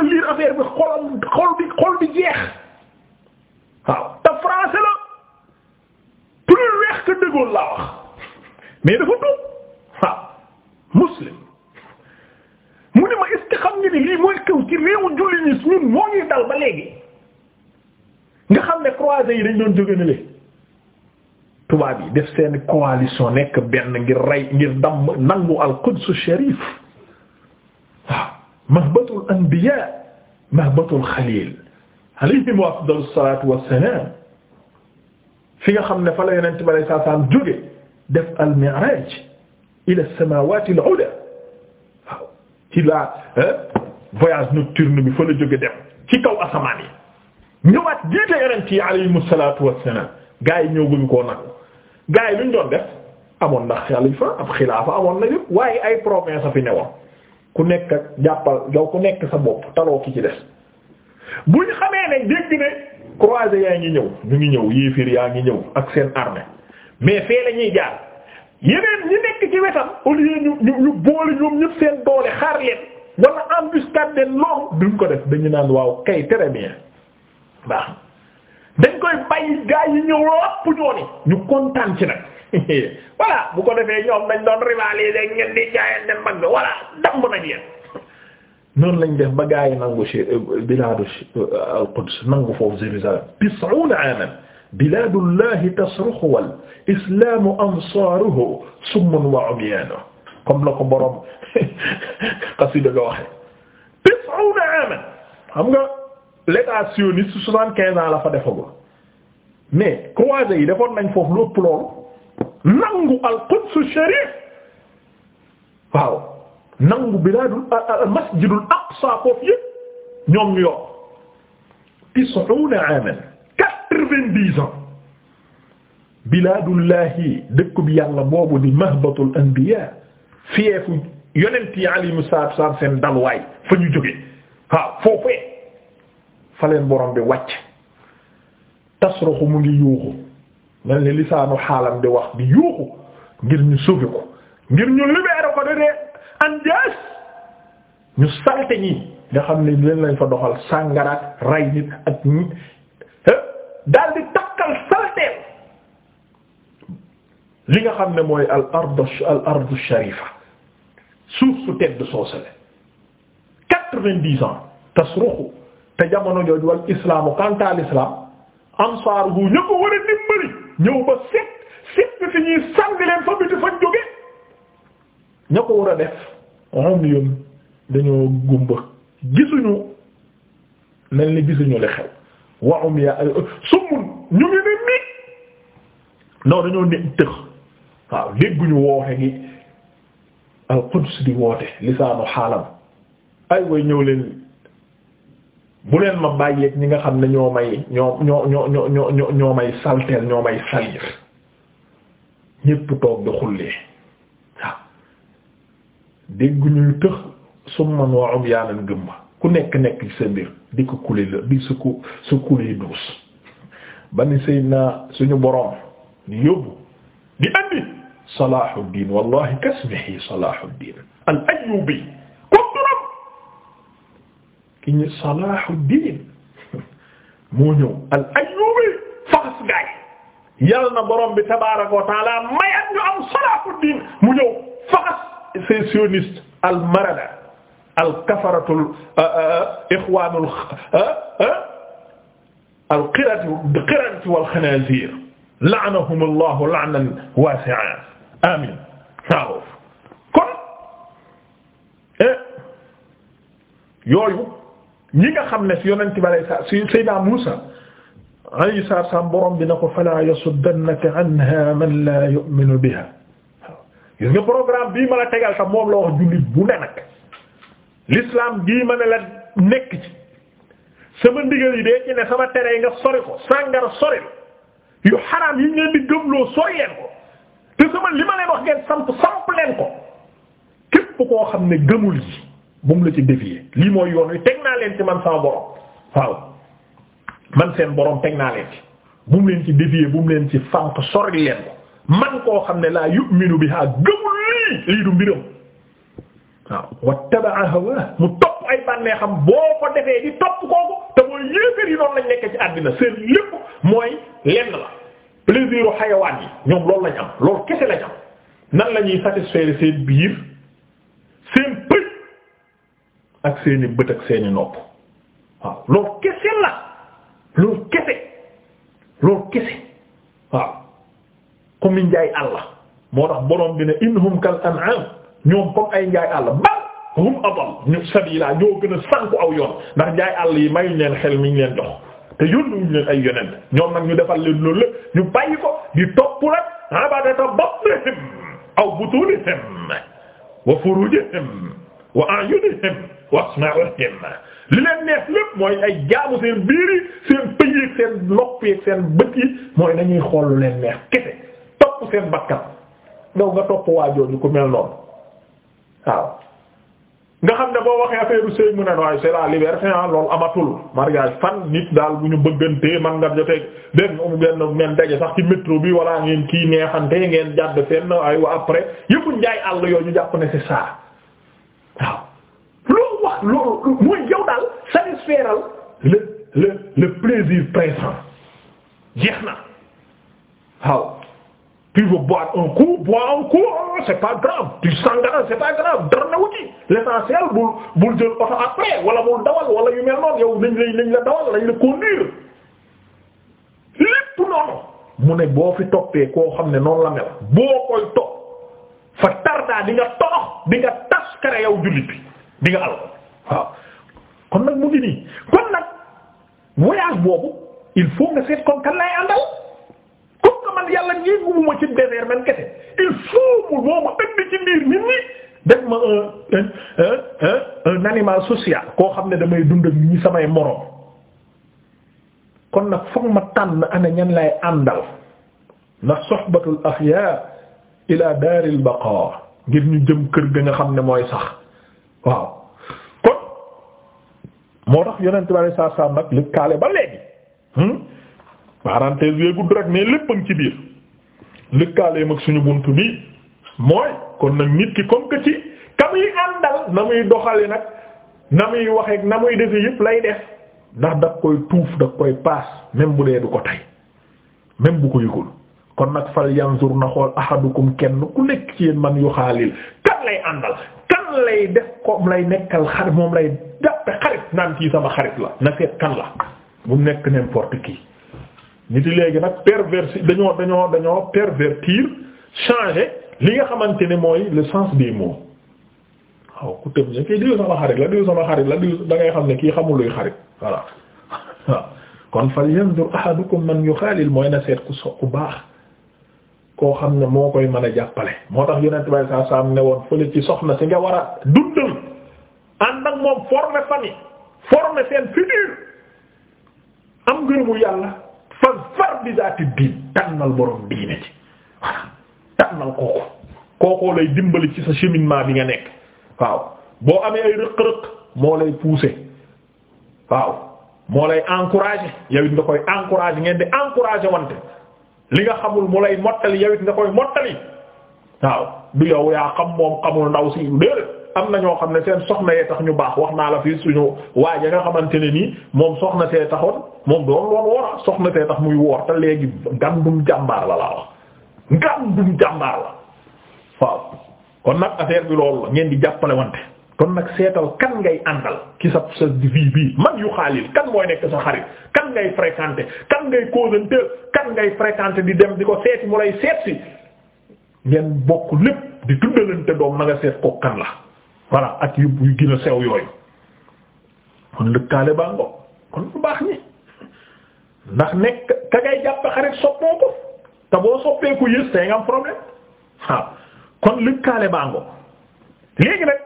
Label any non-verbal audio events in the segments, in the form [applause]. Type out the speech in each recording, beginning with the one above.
dafa liir affaire bi xolam xol bi jeex waaw te français la plus weex que De Gaulle wax mais dafa tuub waaw muslim mu ne ma est-ce xam nga ni lii mooy kaw ci réewu julli ñi ñun moo ngi dal ba léegi nga xam ne croisés yi dañ doon jóge ne le tubaab yi def seen coalition nekk benn ngir rey ngir damm nangu al-Quds sharif mahbatul anbiya mahbatul xalil alayhim afdalu salaatu wassalaam fi nga xam ne fa la yonent bi alayhi salaam jóge def al-mi'raaj ila samaawaati al-'ulaa waaw ci la voyage nocturne bi fa la jóge dem ci kaw asamaan yi ñëwaat jiite yonent yi alayhimu salaatu wassalaam gaa yi ñëw bëgg koo nag gaa yi luñ doon def amoon na xalifa ab xilaafa amoon na yëpp waaye ay promesse a fi newoon ku nekk jàppal yow ku nekk sa bopp taloo ki ci des buñ xamee ne dégg ne croisés yaa ngi ñëw ñu ngi ñëw yéefir yaa ngi ñëw ak seen armée mais fee la ñuy jaar yeneen ñi nekk ci wetam au lieu ñu ñu ñu boole ñoom ñëpp seen doole xaar leen wala embuscade leen loolu duñ ko def dañu naan waaw kay très bien baax dañ koy bàyyi gaa yi ñëw ëpp ñooni ñu kontaan ci nag [laughs] voilà bu ko defee ñoom dañ doon rivaliser ngeen di jaayante mbagg voilà damb nañ yeen noonu lañ def ba gaa yi nangu ci euh, bilaadu euh, al Quds nangu foofu Jérusalem tis'una aaman bilaadullahi tasruxu wal islaamu ansaaruhu summun wa umyaanuhu comme la ko borom [laughs] xasida ga waxe tis'una aaman xam nga l'état sioniste soixante quinze ans la mais croisés yi defoon nañ foofu lu ëpp loolu nangu al quds sharif waaw nangu bilaadul al masjidul aqsa foofu yëpp ñoom ñu yor tis'una aman quatre-vingt-dix ans di mahbatul anbiya fieefu yonent yi alayhimu salaatu wa salaam seen dalwaay fa ñu jóge waaw foofee fa leen borom bi wàcc tasroxu mu ngi yuuxu mel ni lisaanu xaalam di wax bi yuuxu ngir ñu sauver ko ngir ñu libérer ko de anjas ñu salte ñi nga xam ne leen lañ fa doxal sàngaraat rey nit ak ñi daal di takkal salteel li nga xam ne mooy al ardu al ardu sharifa suuf su tedd soosale quatre-vingt-dix ans tasruxu te jamono jooju wal islaamu kanta l'islam ansaar gu ña ko war a dimbali ñëw ba set set fi ñuy sànni fa biti fa jóge ña ko war a def umyun dañoo gumba gisuñu mel ni gisuñu li waaw dégguñu wooxe gi al quds di woote lisaanu xaalam ay way ñëw bu leen ma bàyyeeg ñi nga xam ne ñoo may ñoo ñoo ñoo ñoo ñoo ñoo may salteel ñoo may salir ñépp toog di xullee waaw dégg ñuy tëx summan wa umyaanan gëmma ku nekk nekk ci sa mbir di ko kule la di su ko su kulee duus ba ni Seydina suñu boroom di yóbbu di andi Salahuddin wallahi kasmihi Salahuddin al-Ayyubi ki ñu Salahuddin moo ñëw al Ayyubi faxas gaay yal na borom bi tabaaraka wa taala may ak ñu am Salahuddin mu ñëw faxas ces sionistes al marada al kafaratul euh, euh, ixwaanul euh, al qiratu qiratu wal xanaazir la'anahum Allahu la'nan waasi'a amiin waaw kon eh, yooyu ñi nga xam ne si yonent bi alayhi salaam si Seydina Muusa alayhi salaam borom bi na ko fala yasuddannaka anha man la yu'minu biha gis nga programme bi ma la tegal sax moom la wax jullit bu ne nag l'islam gii la nekk ci sama ndigal yi dee ci ne sama tere yi nga sori ko sàngara sori yu xaraam yi ngeen di gëmloo sori leen ko te sama li ma leen wax ngeen samp samp leen ko képp koo xam ne gëmul bu mu la ci dévier lii mooy yoon wi teg naa leen ci man sama borom waaw man seen borom teg naa leen ci bu mu leen ci dévier bu mu leen ci fànq sori leen man koo xam ne laa yu'minu biha gëmul lii lii du mbiram waaw wattaba'a hawaa mu topp ay bànneexam boo ko defee di topp kooku te mooy yéefar yi noonu lañ nekk ci àddina seen lépp mooy lenn la plaisiru xayawaan yi ñoom loolu lañ am loolu kese lañ am nan la ñuy satisfaire seen biir. ak seeni bët ak seeni nopp waaw loolu kese la loolu kese loolu kese waaw comme ni njaay àll moo tax borom bi ne innahum kal an'am ñoom comme ay njaay àll bal hum adall ñu sabila ñoo gën a sànku aw yoon ndax njaay àll yi may leen xel mi ñu leen jox te yónnuñ leen ay yonent ñoom nag ñu defal leen loolu lépp ñu bàyyi ko di topp rek abadata batlihim aw butunihim wa furujihim wa a'yunihim li leen neex lépp mooy ay jaamu seen biir yi seen pëj yi seen nopp yi seen bët yi mooy nañuy xool lu leen neex kese topp seen bakkan daw nga topp waajooju ku mel noonu waaw nga xam ne boo waxee affaire sëy mu ne waaye c'est la liberté ah loolu amatul fan nit daal bu ñu bëggantee man nga jotee benn benn men daje sax ci métro bi wala ngeen kii neexante ngeen jàdd fenn ay wa après yëpp njaay àll yooyu ñu jàpp ne c'est saa waaw loolu wax loolu mooy yow daal satisfairal le le le plaisir présent jeex na waaw tu veux boire un coup bois un coup oh, c'est pas grave tu s'engages c'est pas grave dara na wuti l'essentiel bul bul jël oto après wala bul dawal wala yu mel noonu yow nañ la dawal nañ la conduire lépp noonu mu ne boo fi toppee koo xam ne noonu la mel boo koy topp fa tardaa di nga torox di nga taskare yow jullit bi di nga waaw kon nag mu ngi nii kon nag voyage boobu il faut nga seet kon kan lay àndal comme que man yàlla ñeegumuma ci désert kese il faut mu mooma ënd ci biir nit ñi def ma un un social koo xam ne damay dund ak ñi samay moroom kon nag foog ma tànn ana ñan lay àndal na sohbatul ahya ila daaril baqa ngir ñu jëm kër ga nga xam ne mooy sax waaw kon moo tax yonent bi alayhi salaatu salaam ba léegi hmm? parenthèse yooyu gudd rek mais lépp ci biir lëkkaaleem suñu bunt bi mooy kon nag nit ki comme que ci ka muy àndal na muy doxale nag na muy waxeek na muy defe yëpp lay def ndax da koy tuuf da koy paas même bu dee du ko tey même bu ko yëgul kon nag fal yanzur na xool ahadukum kenn ku nekk ci yéen man yu xaalil kan lay àndal kan lay def koom lay nekkal xarit moom lay jàppe xarit naan kii sama xarit la na seet kan la bu nekk n'importe kii nit yi léegi nag perversi dañoo dañoo dañoo pervertir changer li nga xamante ni mooy le sens des mots waaw ku tëb ne kii diw sama xarit la diw sama xarit la diw da xam ne kii xamul luy xarit voilà [laughs] waaw kon fal yanzur ahadukum man yuxaalil mooy na seet ku so ku koo xam ne moo koy mën a jàppale moo tax yonent bay saa saa am ne woon fële ci soxna si nga war a dundal ànd ak moom former famille former seen futur am ngërëmu yàlla fa far bi zaati diin tànnal borom diine ci voilà tànnal kooku kookoo lay dimbali ci sa cheminement bi nga nekk waaw boo amee ay rëq-rëq moo lay pousser waaw moo lay encourage yow it nga koy encourager ngeen di encourager wante li nga xamul mu lay mottali yow it nga koy mottali waaw du yow yaa xam moom xamul ndaw si déedéet am na ñoo xam ne seen soxna yee tax ñu baax wax naa la fii suñu waaja nga xamante ne nii moom soxna see taxoon moom doon loon wora soxna see tax muy woor te léegi gàndum jàmbaar la laa wax gàndum jàmbaar la waaw kon nag affaire bi loolu la ngeen di jàppale wante kon nag seetal kan ngay àndal ki sa sa vie bii man yu xaalil kan mooy nekk sa xarit kan ngay fréquenter kan ngay causanter kan ngay fréquenter di dem di ko seeti mu lay seet si ngeen bokk lépp di tuddalante doom ma nga seet ko kan la voilà ak yu yu gën sew yooyu kon lëkkaale baa kon ndax nekk ka ngay boo soppee ku yës am problème waaw kon lëkkaale baa léegi nag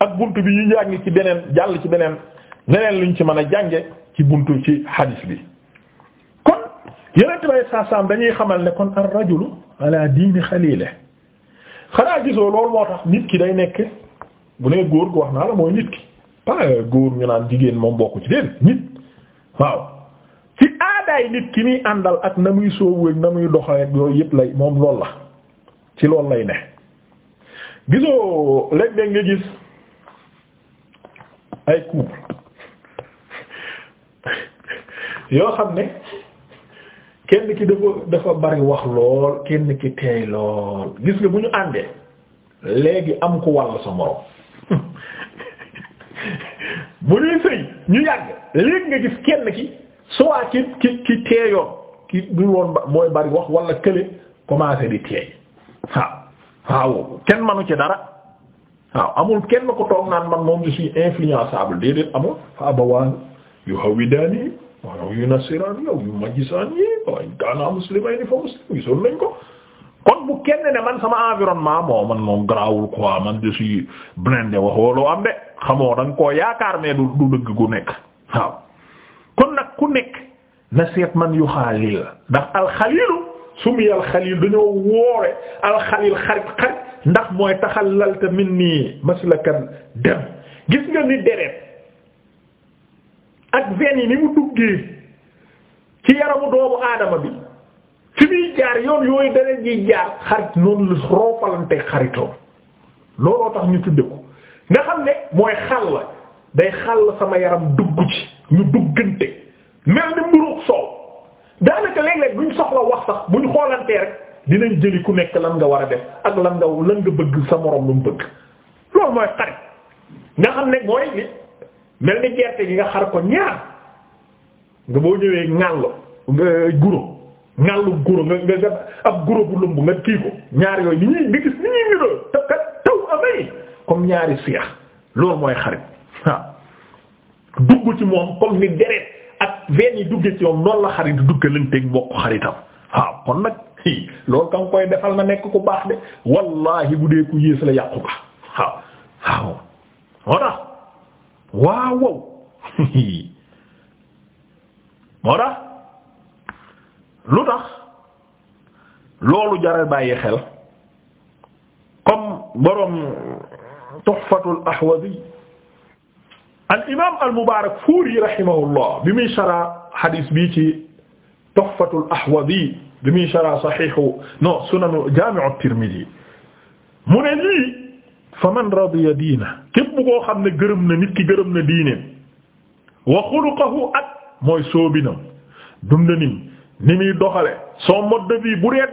ak buntu bi ñu jàng ci beneen jàll ci beneen leneen luñ ci mën a jànge ci buntu ci hadis bi kon yeneen tibay saasaam dañuy xamal ne kon ar rajulu ala diini xalile xanaa gisoo loolu moo tax nit ki day nekk bu nee góor gu wax naa la góor ñu naan jigéen moom bokku ci nit waaw nit ki muy àndal ak na muy sóowéeg na muy doxalee yooyu yëpp lay moom loolu la ci loolu lay ne nga gis ay couple yoo xam ne kenn ki dafa dafa bari wax lool kenn ki teey lool gis nga bu ñu àndee léegi am ku wàll sa moroom [laughs] bu ñuy sëy ñu yàgg léegi nga gis kenn ki soit ki ki ki teeyoon ki du woon mooy bari wax wala kële commencé di teey waaw waaw kenn manu ci dara waaw amul kenn ko toog naan man moom je suis influençable déedéet amul fa abawaan yu hawidaani waaw yu nasiraan yow yu majisaan yi waaw kaana muslimayni fa muslim gisoon nañ kon bu kenn ne man sama environnement moo man moom garaawul quoi man je suis blindé waxoo loo am de xamoo da nga koo yaakaar mais du du dëgg gu nekk waaw na seet man yu xaalil ndax alxalilu sumiyal xalil dañoo woore alxalil xarit xarit ndax mooy taxal taxalalta min nii maslakan dem gis nga ni deret ak veine yi ni mu duggee ci yaramu doomu aadama bi fi muy jaar yoon yooyu deret yi jaar xarit noonu lu roofalante xaritoo looloo tax ñu tudde ko nga xam ne mooy xal la day xal sama yaram dugg ci ñu duggante mel ni mburuug soow daanaka léeg-léeg buñ soxla wax sax buñ xoolantee rek dinañ jëli ku nekk lan nga war a def ak lan nga lan nga bëgg sa morom lu mu bëgg loolu mooy xarit nga xam ne mooy li mel ni gerte gi nga xar ko ñaar nga boo ñëwee ŋàll nga guro ŋàllu guro nga nga ab guro bu lumb nga kii ko ñaar yooyu ni ñuy nga gis ni ñuy niroo te kat taw amee comme ñaari siyax loolu mooy xarit waaw dugg ci moom comme ni deret ak veine yi dugge ci moom noonu la xarit duggalanteeg mbokk xaritam waaw kon nag. loolu ka koy defal na nekk ku baax de wallahi bu dee yées la yàqu nga waaw waaw moo tax waaw [laughs] lu tax loolu jara bàyyi xel comme boroom tuhfatul ahwazi al imam al mubarak fuuri bi muy sara hadis bi ci tuhfatul bi muy saxiixu non sunanu jaami'u Tirmidi mu ne lii fa man radiya diina képp koo xam ne gërëm na nit ki gërëm na diineem wa xuluqahu ak mooy soobinam dundanim ni muy doxale son mode de vie bu la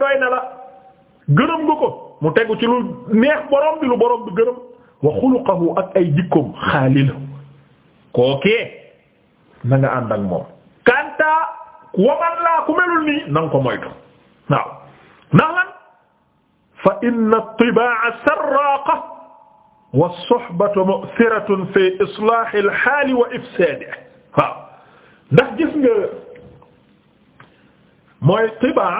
gërëm nga ko mu tegu ci lu neex borom bi lu borom gërëm wa xuluqahu ak ay jikkoom xaalilahu kookee na nga ànd moom waman laa ku melul nii na nga ko moytu waaw ndax lan fa inna at-tibaa'a sarraaqa wa as-suhbatu mu'thiratun fi islaahi al-haali wa ifsaadihi waaw ndax gis nga mooy tibaa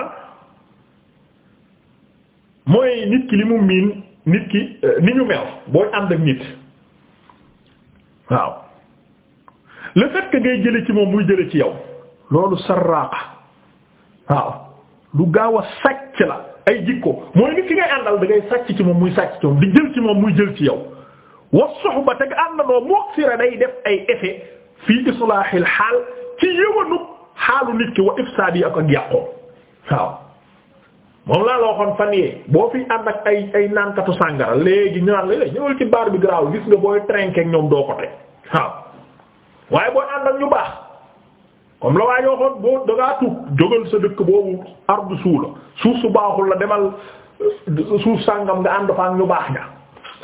mooy nit ki li mu nit ki eh, ni ñu mel booy ànd ak nit waaw le fait que ngay ci moom muy jële ci yow loolu sarraaqa waaw lu gaaw a sàcc la ay jikko mooy nit ki ngay àndal da sàcc ci moom muy sàcc ci moom di jël ci moom muy jël ci yow wa suhba te àndandoo muksira day def ay effet fii islaahil xaal ci yëwanu xaalu nit ki wa ifsaadi ak ak yàqoo waaw moom laa la waxoon fan yee boo fi ànd ak ay ay sàngara léegi ñu naan la ñëwal ci baar bi garaaw gis nga booy trinquer ak ñoom doo ko teg waaye booy ànd ñu baax. om la waa yoo xoon boo dangaa tub jógal sa dëkk boobu suula suuf su baaxul la demal euh, suuf sàngam nga ànd fa ñu baax ña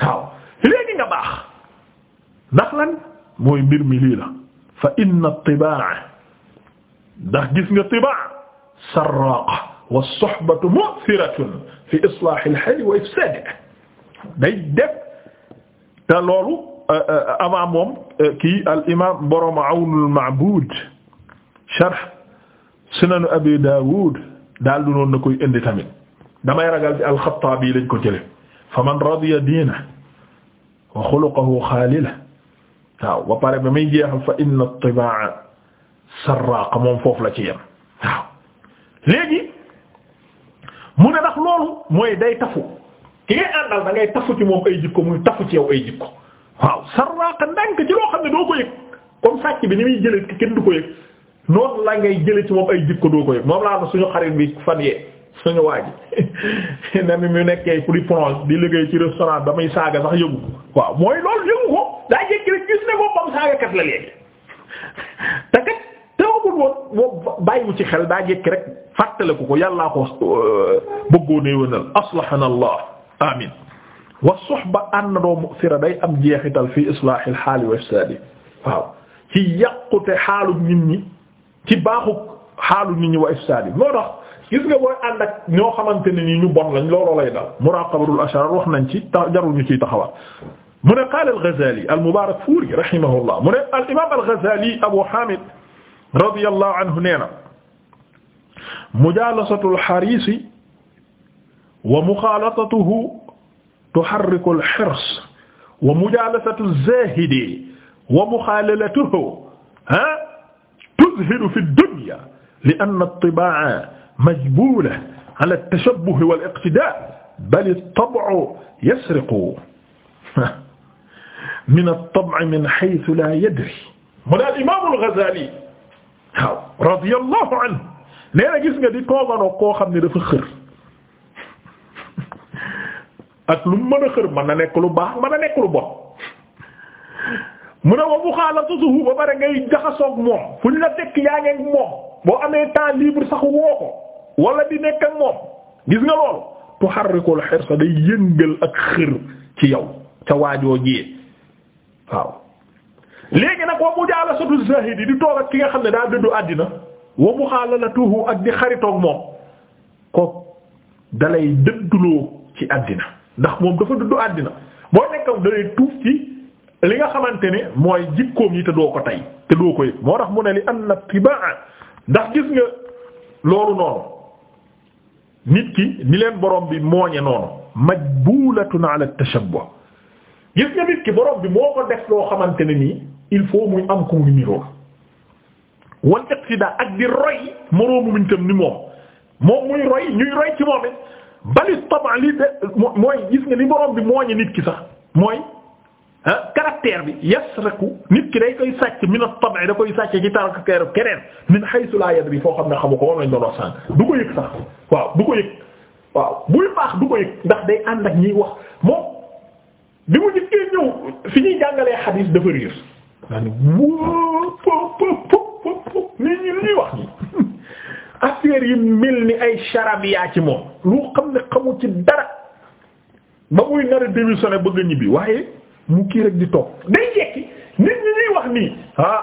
waaw léegi nga baax ndax lan mooy mbir mi lii la fa inna tibaa ndax gis nga tibaa sarraqa wa sohbatu mu'thiratun fi islaahi al wa ifsaadihi day def te loolu euh, euh, avant moom kii al imaam borom Awnul sharh sunanu abi daawud daal du noonu na koy indi tamit damay ragal ci alxattaabi lañ ko jële fa man radiya diina wa xuluqahu xaalila waaw ba pare ba muy jeexal fa inna tibaa sarraqa moom foofu la ci yem waaw léegi mu ne ndax loolu mooy day tafu ki ngay àndal da ngay tafu ci moom ay jikko muy tafu ci yow ay jikko waaw sarraqa ndànk ci loo xam ne doo ko yëg comme sàcc bi ni muy jëlee kenn du ko yëg noonu la ngay jële ci moom ay jikko doo ko yëg moom laa suñu xarit bi fan yee suñu waaj [laughs] na mi mu nekkee pour di plonge di liggéey ci restaurant damay saaga sax yëgu ko mooy loolu yëgu ko daa jékki rek gis ne boppam saagakat la léegi [laughs] te kat teewul woon boo bàyyiwu ci xel daa jékki rek fàttaliku ko yàllaa ko euh, bëggoo néewanal aslahana allah amin wa suhba ànd doo mu'sira day am jeexital fi islahil xaali wa ifsaadi waaw ci yàqute xaalu nit ñi ci baaxu xaalu nit ñi wa ifsaadi moo tax gis nga booy ànd ak ñoo xamante ne ni ñu bon lañ looloo lay dal muraqabatul ashrar wax nañ ci ta jarul ñu ciy taxawaat mu ne qaala al-Ghazali al-Mubarakfuri rahimahullah mu ne al-imam al-Ghazali Abu Hamid radiyallahu anhu nee na mujaalasatul hariisi wa muxaalatatuhu tuharriku al-hirs wa mujaalasatu az-zaahidi wa muxaalalatuhu ha yuzhiru fi dunya li anna at-tibaa'a majbuula ala at-tashabbuh wal iqtidaa' bal at-tab'u yasriqu [laughs] min at-tab'i min haythu laa yadri mu daal imaam al-Ghazali waaw radiyallahu anhu nee na gis nga di tooganoo koo xam ne dafa xër [laughs] ak lu mu mën a xër mën na nekk lu baax mën na nekk lu bon mu ne wa muxaalatuhu ba pare ngay jaxasoog moom fu ñu la fekk yaa ngeeg moom boo amee temps libre sax woo ko wala di nekk ak moom gis nga loolu tuharrikul hirsa day yëngal ak xër ci yow ca waajoo jiyee waaw. léegi nag wa mujaalasatu zahidi di toog ak ki nga xam ne daa dëddu àddina wa muxaalalatuhu ak di xaritoog moom kook dalay dëdduloo ci àddina ndax moom dafa dëddu àddina boo nekkaw dalay tuuf ci. li nga xamante ni mooy jikkoom yi te doo ko tey te doo ko yëg moo tax mu ne li an tibaa ndax gis nga loolu noonu nit ki ni leen borom bi mooñe noonu majbulatun ala tashabbuh gis nga nit ki borom bi moo ko def loo xamante ne nii il faut muy am ko muy nirool wal iqtidaa ak di roy moroomu muñ ni moom moom muy roy ñuy roy ci moom it bali tabaa li de mooy gis nga li borom bi mooñe nit ki sax mooy Ah caractère bi yasraku nit day koy sàcc min at-tab' da koy sàcc ki tarak keroog keneen min haythu la yadri foo xam ne xamu ko woon lañ doon du ko yëg sax waaw du ko yëg waaw buy baax du ko yëg ndax day ànd ak wax moom bi mu njëkkee ñëw fi ni wóo pop [laughs] yi mel ni ay charabiya ci moom lu xam xamu ci dara ba muy mu kii rek di toog day jekki nit ñi ñuy wax nii ah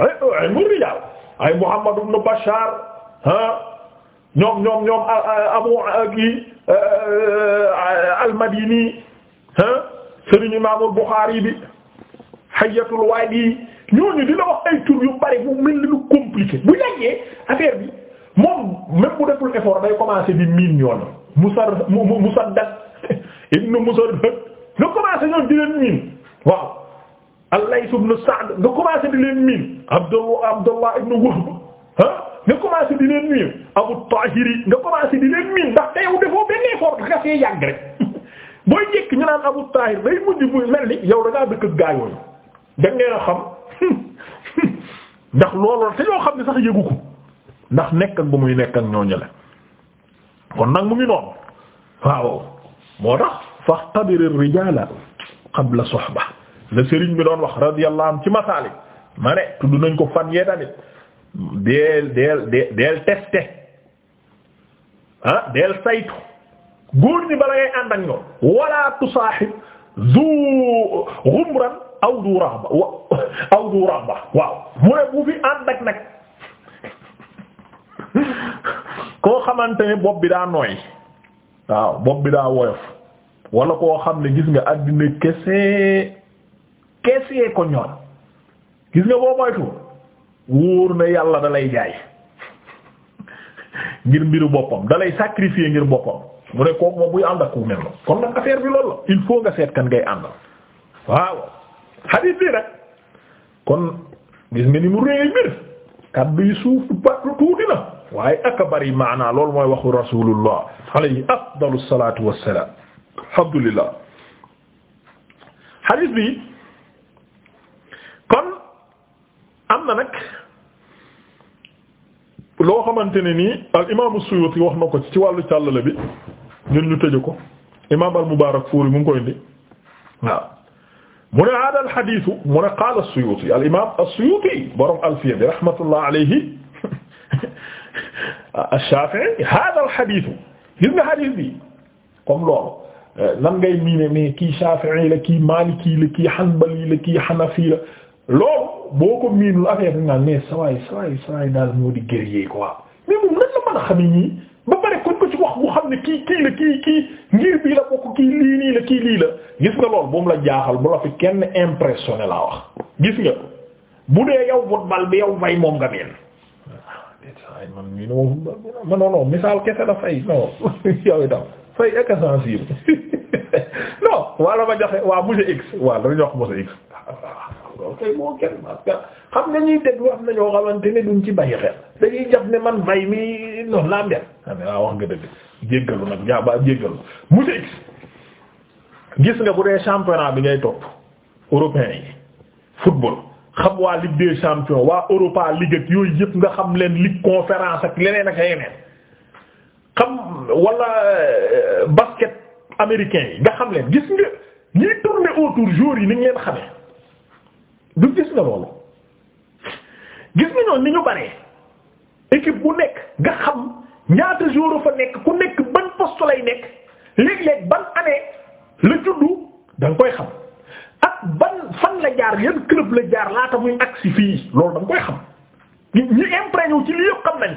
[laughs] ay murrijal ay Muhammad ibn Bashar ah ñoom ñoom ñoom ah, ah, Abu ah, kii al-Madini ah Serigne Imam Bukhari bi Hayyatul Wadi ñooñu di la wax ay tur yu bari bu mel ni lu bu yàggee affaire bi moom même bu deful effort day commencer di miin yoon Musaddad [laughs] ibn Musaddad nga commencé ñoom di leen miin waaw al-Layth ibn Sa'd nga commencé di leen miin Abdullah Abdullah ibn Wahb ah nga commencé di leen miin Abu Tahiri nga commencé di leen miin ndax te yow dafoo benn effort da nga see yàgg rek [laughs] booy njëkk ñu naan Abu Tahir day mujj muy mel ni yow da ngaa dëkk ak gaa yooyu da ngeen a xam [laughs] ndax looloo te yoo xam ne sax yëgu ko ndax nekk ak ba muy nekk ak ñooñu la kon nag mu ngi noonu waaw moo tax. faxtabir ar-rijaala qabla suhba la sëriñ bi doon wax radiyallahu anhu ci masaalik ma ne tudd nañ ko fan yee tamit deel deel deel deel testé ah deel saytu góor ñi bala ngay ànd ak ñoom wala tusaaxib zu xumran aw du raxba aw du raxba waaw mu ne bu fi ànd ak nag koo xamante ne bopp bi daa nooy waaw bopp bi daa woyof wala koo xam ne gis nga àddina kese kese ko ñor gis nga boo moytu wóor na yàlla da lay jaay [laughs] ngir mbiru boppam dalay lay sacrifier ngir boppam mu ne kooku buy ànd ak ku mel noonu kon nag affaire bi loolu la il faut nga seet kan ngay àndal waaw hadith bi rek kon gis nga ni mu réy mbir kaddu yi suuf ba tuuti na waaye ak a bari maanaa loolu mooy waxu rasulullah alayhi afdalu salatu wassalam alhamdulillah xadiis bi kon am na nag loo xamante ne nii al imaamu Suyuti wax na ko ci wàllu càllale bi ñun ñu tëj ko imaam al Mubaarakfuuri mu ngi koy indi waaw mu ne haaza al xadiis mu ne qaala Suyuti al imaam as-Suyuti borom Alfiya bi rahmatullah alayhi [laughs] ash-Shaafi'i haaza al xadiis gis nga xadiis bi comme loolu. nan ngay miine mais kii Shafi'i la kii Maliki la kii Hanbali la kii Hanafi la loolu boo ko miinul affaire bi naan sawaay sawaay sawaay daal moo di guerrier quoi mais moom nan la mën a xamee ñii ba pare kon ko ci wax bu xam ne kii kii la kii kii ngir bii la bokk kii lii la kii lii la gis nga loolu bu la jaaxal bu la fi kenn impressionné laa wax gis nga bu dee yow football bi yow fay moom nga meen ah, man mii misaal kese la fay non [laughs] itam fay ak sensible [laughs] non wala ma joxe waa monsieur X waaw dama jox xam nga ñuy déglu am na xamante ne duñ ci bàyyi xel dañuy jàpp ne man bay mi noonu laa mel xam ah, ne wax nga dëgg jéggalu nag jaa ba jéggalu monsieur X gis nga bu dee championnat bi ngay topp européen yi football xam waa Ligue des champions waa Europa League ak yooyu yëpp nga xam leen Ligue conférence ak leneen ak yeneen xam wala euh, basket américain yi nga xam leen gis nga ñiy tourner autour jour yi ni ñu leen xamee du gis nga loolu gis nga ni ñu baree équipe bu nekk nga xam ñaata jour fa nekk ku nekk ban poste lay nekk léeg-léeg ban année la juddu da koy xam ak ban fan la jaar yan club la jaar laata muy agsi fii loolu da nga koy xam ñu imprégné ci li yëpp xam nañ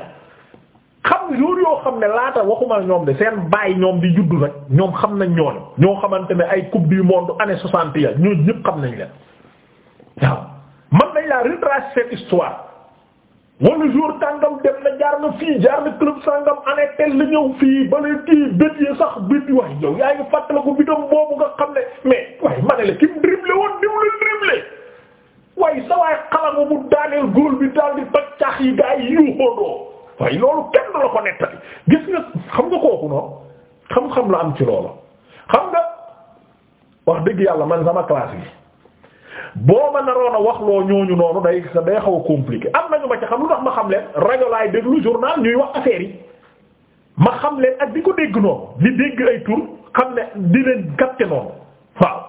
xam jour yoo xam ne laata waxuma ñoom de seen baay ñoom di juddu nag ñoom xam nañ ñooñu ñoo xamante ne ay coupe du monde année soixante ya ñooñu ñëpp xam nañ leen waaw man nañ laa retracer cette histoire wala jour tàngam dem na jaar na fii jaar na club sàngam année tel la ñëw fii ba leen kii bët yi sax bët yi waaye yow yaa ngi fàttaliku bidon boobu nga xam ne mais waaye ma ne la kim dribblé woon dim la waaye sa waay bu daaneel góol bi daal di toj caax yi waaye loolu kenn la ko nettali gis nga xam nga kooku noonu xam-xam la am ci loolu xam nga wax dëgg yàlla man sama classe bi boo ma wax loo ñooñu noonu day day xaw a compliqué am nañu ma ci xam lu tax ma xam leen rajo laay déglu journal ñuy wax affaire yi ma xam leen ak di ko dégg noonu di dégg ay tur xam ne di leen capter noonu waaw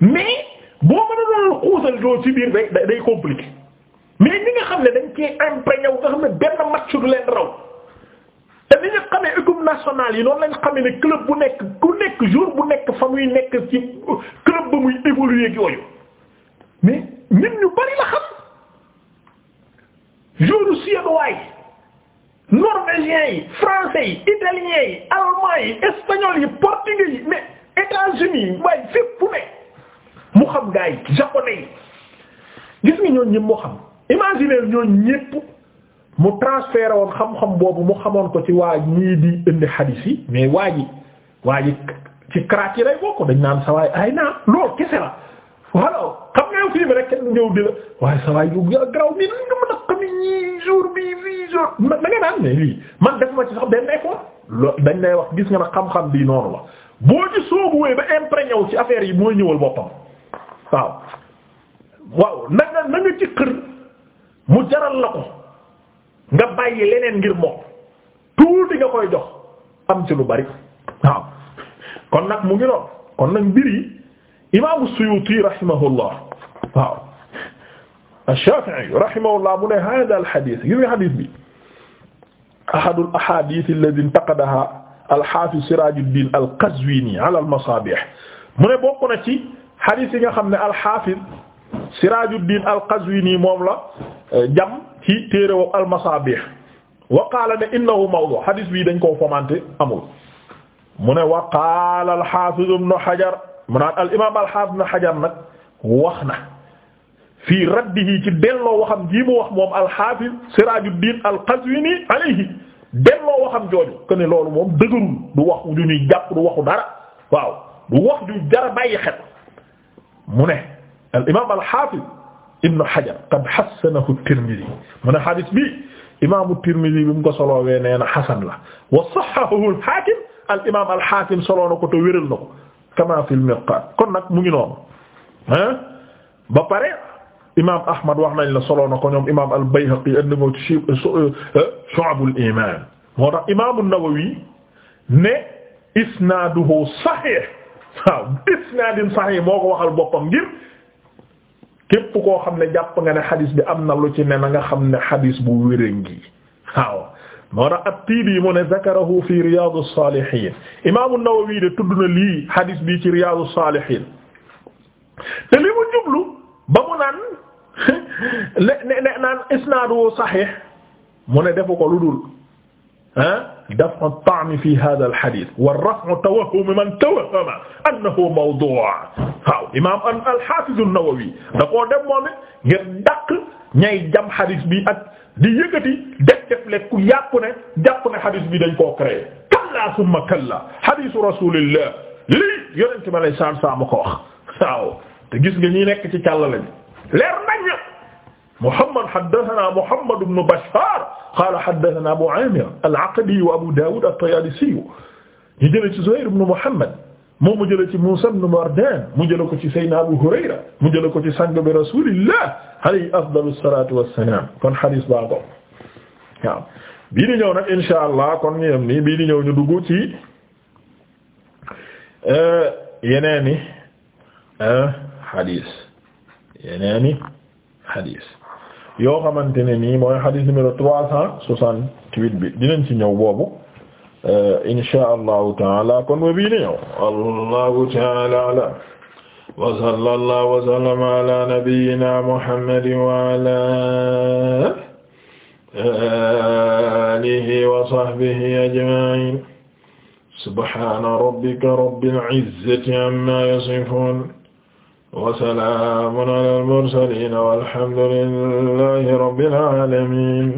mais boo ma xuusal doo ci biir day day compliqué mais ñi nga xam ne dañ ki imprégné wu nga xam ne benn match du leen raw te ni nga xamee équipe nationale yi noonu lañ xamee ne club bu nekk ku nekk jour bu nekk fa muy nekk ci club ba muy évoluer ak yooyu mais nit ñu bari la yi norvégiens yi français yi italiens yi allemands yi espagnols yi portugais États-Unis yi waaye fépp fu ne mu xam gaa yi japonais yi gis nga ñooñu ñëpp moo xam. imaginez ñooñu ñépp mu transféré woon xam-xam boobu mu xamoon ko ci waa ñii di indi hadith yi mais waa ji waa ji ci crack yi lay bokk dañ naan sawaay ay naa lool kese la voilà xam nga yow fii bi rek la waaye sawaay yu garaw mi nga mën a ne lii man def ma ci sax benn effort lo dañ lay wax gis nga na xam-xam bi noonu la boo ci soobuwee ba imprégné ci affaire yi mooy ñëwal boppam waaw waaw na ci xër mu jaral la ko nga bàyyi leneen ngir moom tuuti nga koy jox am ci lu bari waaw kon nag mu ngi doon kon nag mbir yi imaamu Suyuti rahimahullah waaw ash-Shafi'i rahimahullah mu ne hada al-hadith gis nga hadith bi ahadu al-ahadith allati intaqadaha al-hafiz Sirajuddin al-Qazwini ala al-masabih mu ne bokk na ci hadith yi nga xam ne al-hafiz Sirajuddin al-Qazwini moom la jam ci téere wa almasabih wa qaala ne innahu mawdu hadis bii dañ koo fomante amul mu ne wa qaala alxaafid ibn xajar mu naan al imaam alxaafid ibn xajar nag wax na fii raddihi ci delloo waxam jii mu wax moom alxaafid sirajuddin alqazwini alayhi delloo jooju que ne loolu moom dëgërul du wax du ñuy jàpp du waxu dara waaw du wax du jara bàyyi xel mu ne al imaam alxaafid Ibn Hajar qad hassanahu Tirmidhi mu ne hadis bi imaamu Tirmidhi bi mu ko soloowee nee na hasan la wa sahhahahu al-Hakim al imaam al-Hakim soloo na ko te wéral na ko kama fil Mirqat kon nag mu ngi noonu ah ba pare imaam Ahmad wax nañ la soloo na ko ñoom imaam al-Bayhaqi indi ko ci Shu'abul Iman moo tax imaam an-Nawawi ne isnaaduhu sahih waaw isnaadin sahih moo ko waxal boppam ngir. képp koo xam ne jàpp nga ne xadis bi am na lu ci ne na nga xam ne xadis bu wérangi waaw moo tax at-Tiibi mu ne zakarahu fi Riyâdous-Sâlihîne imaamu lii xadis bi ci Riyâdous-Sâlihîne te li mu jublu ba mu naan [laughs] ne saxiix mu ne defu ko lu dul daf'u at-ta'ni fi hadha al-hadith wa raf'u tawahhum man tawahhama annahu mawdu' waaw imaam al-hafiz an-Nawawi da koo dem moom ngir dàq ñay jam hadith bi ak di yëkkati def def lekk ku yàqu ne jàpp ne hadith bi dañ koo créé kalla summa kalla hadith rasulillah lii yonent ma lay saan saa ma ko wax waaw te gis nga ñi nekk ci càll lañ leer nañ Muhammad haddasanaa Muhammad ibn Bashaar qaala haddasanaa Abu Aamir al-Aqdi wa Abu Daawuud at-Tayaalisi ñu jëlee ci Zuhayr ibn Muhammad moom mu jëlee ci Muusaa ibn Mardaan mu jëlee ko ci Seydina Abu Hurayra mu jëlee ko ci sang bi Rasuulillah alayhi afdalu salaatu wa salaam kon hadiis baa ko waaw bii di ñëw nag inshaa Allah kon ñu yem nii bii di ñëw ñu dugg ci eh, yeneeni hadiis eh, yeneeni hadiis yoo xamante ne nii mooy xadis numéro trois cent soixante-huit bi dinañ ci ñëw boobu euh, insha allahu taala kon wa bii ni ñëw allahu taala ala wa sallallahu wa sallama ala nabiyyina muhammadin wa ala euh, alihi wa sahbihi ajma'in subhana rabbika rabbil izzati amma yasifun wasalaamun ala al-mursaliin walhamdulillahi rabbil aalamiin